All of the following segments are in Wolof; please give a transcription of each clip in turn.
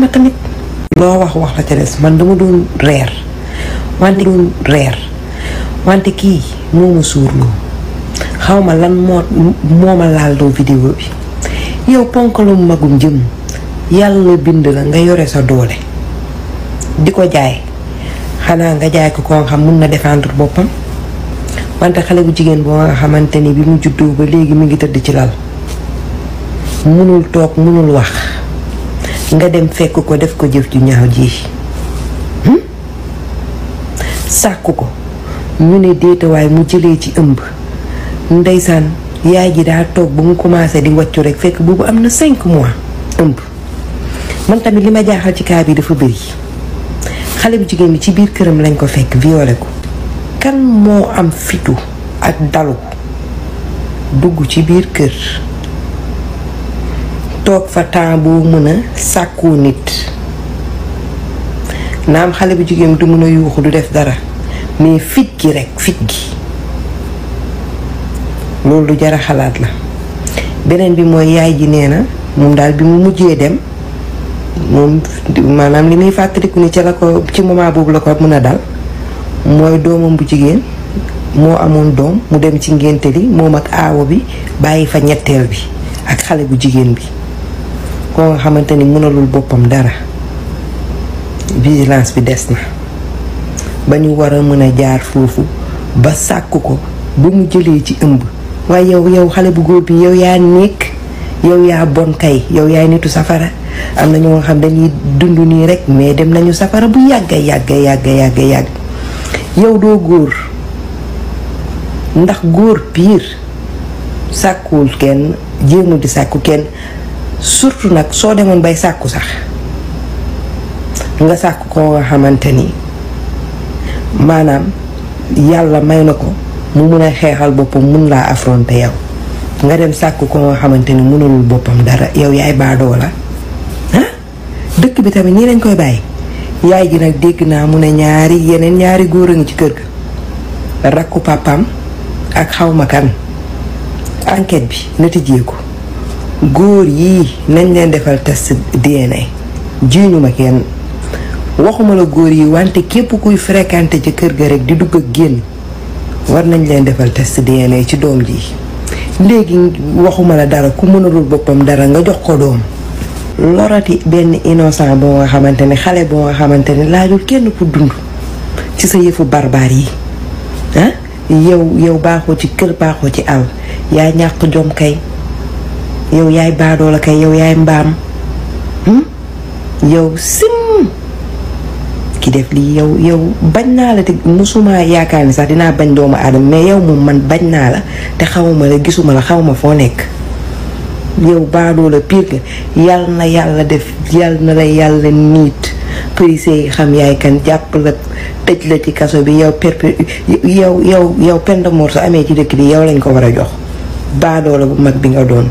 ma tamit loo wax wax la ca des man dama doon reer wante doon reer wante kii moo ma suurloo xaw ma lan moo moo ma laalloo vidéo bi yow magum jëm yàlla bind la nga yore sa doole di ko jaay xanaa nga jaay ko koo xam mun na défendre boppam wante xale bu jigéen boo nga xamante ni bi mu juddoo ba léegi ngi tëdd ci munul toog munul wax nga dem fekk ko def ko jëf ju ñaaw ji hmm? sakku ko ñu ne way mu jëlé ci ëmb ndaysan yaay ji da tok bu mu commencé di waccu rek fekk bu am na cinq mois ëmb man tamit lima ma jaaxal ci kaa bi dafa bëri xalé bu jigeen bi ci biir kërëm lañ ko fekk violé ko kan mo am fitu ak dalu dugg ci biir kër toog fa temps boo mën a sàkku nit naam xale bu jigéen du mën a yuuxu du def dara mais fit gi rekk fit gi loolu lu jara xalaat la beneen bi mooy yaay ji nee na moom daal bi mu mujjee dem moom maanaam li muy fàttaliku ni ca la ko ci moment boobu la ko mën a dal mooy doomam bu jigéen moo amoon doom mu dem ci ngénte li moom ak aawo bi bàyyi fa ñetteel bi ak xale bu jigéen bi ko nga xamanteni mënalul bopam dara vigilance bi dess na bañu wara mëna jaar fofu ba sakku ko bu mu jëlé ci ëmb way yow yow xalé bu goor bi yow ya nek yow ya bon kay yow ya nitu safara am na nga xam dañuy dundu ni rek mais dem nañu safara bu yagga yagga yagga yagga yag yow do goor ndax goor pire sakul ken jëmu di sakku ken surtout nag soo demoon bay sàkku sax nga sàkku ko nga xamante ni maanaam yàlla may na ko mu mun a xeexal boppam mun laa affronter yow nga dem sàkku ko nga xamante ni munalul boppam dara yow yaay baadoo la ah dëkk bi tamit nii lañ koy bàyyi yaay ji nag dégg naa mu ne ñaari yeneen ñaari góor a ngi ci kër ga rakku pàppam ak xaw ma kan enquête bi na tijjee ko góor yii nañ leen defal test DNA jiiñu ma kenn waxuma la góor yi wante képp kuy fréquenté ci kër ga rek di dugg ak génn war nañ leen defal test DNA ci doom ji léegi waxuma la dara ku mënalul boppam dara nga jox ko doom lorati benn innocent boo nga xamante ne xale boo nga xamante ne laajul kenn ku dund ci sa yëfu barbaar yi ah yow yow baaxoo ci kër baaxoo ci àll yaa ñàkk jom kay yow yaay baadoola kay yow yaay mbaam hmm? yow sim ki def lii yow yow bañ naa la te musuma yaakaar ni sax dinaa bañ doomu aadama mais yow moom man bañ naa la te xawuma la gisuma la xawma foo nekk yow baadoo la pire que yàlla na yàlla def yàlla na la yàlla niit police xam yaay kan jàpp la tëj la ci kaso bi yow yow yow yow peine su amee ci dëkk bi yow lañ ko war a jox baadoola la bu mag bi nga doon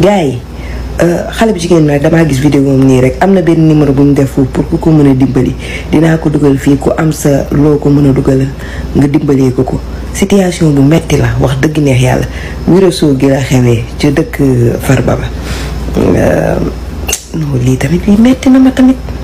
gars yi euh, xale bu jigéen nag damaa gis vidéo am nii rek am na benn numéro bu mu def pour ku ko mën a dimbali dinaa ko dugal fii ku am sa loo ko mën a dugalal nga dimbalee ko ko situation bu metti la wax dëgg neex yàlla wirasoo gi la xewee ca dëkk euh, far ba euh, non lii tamit lii metti na ma tamit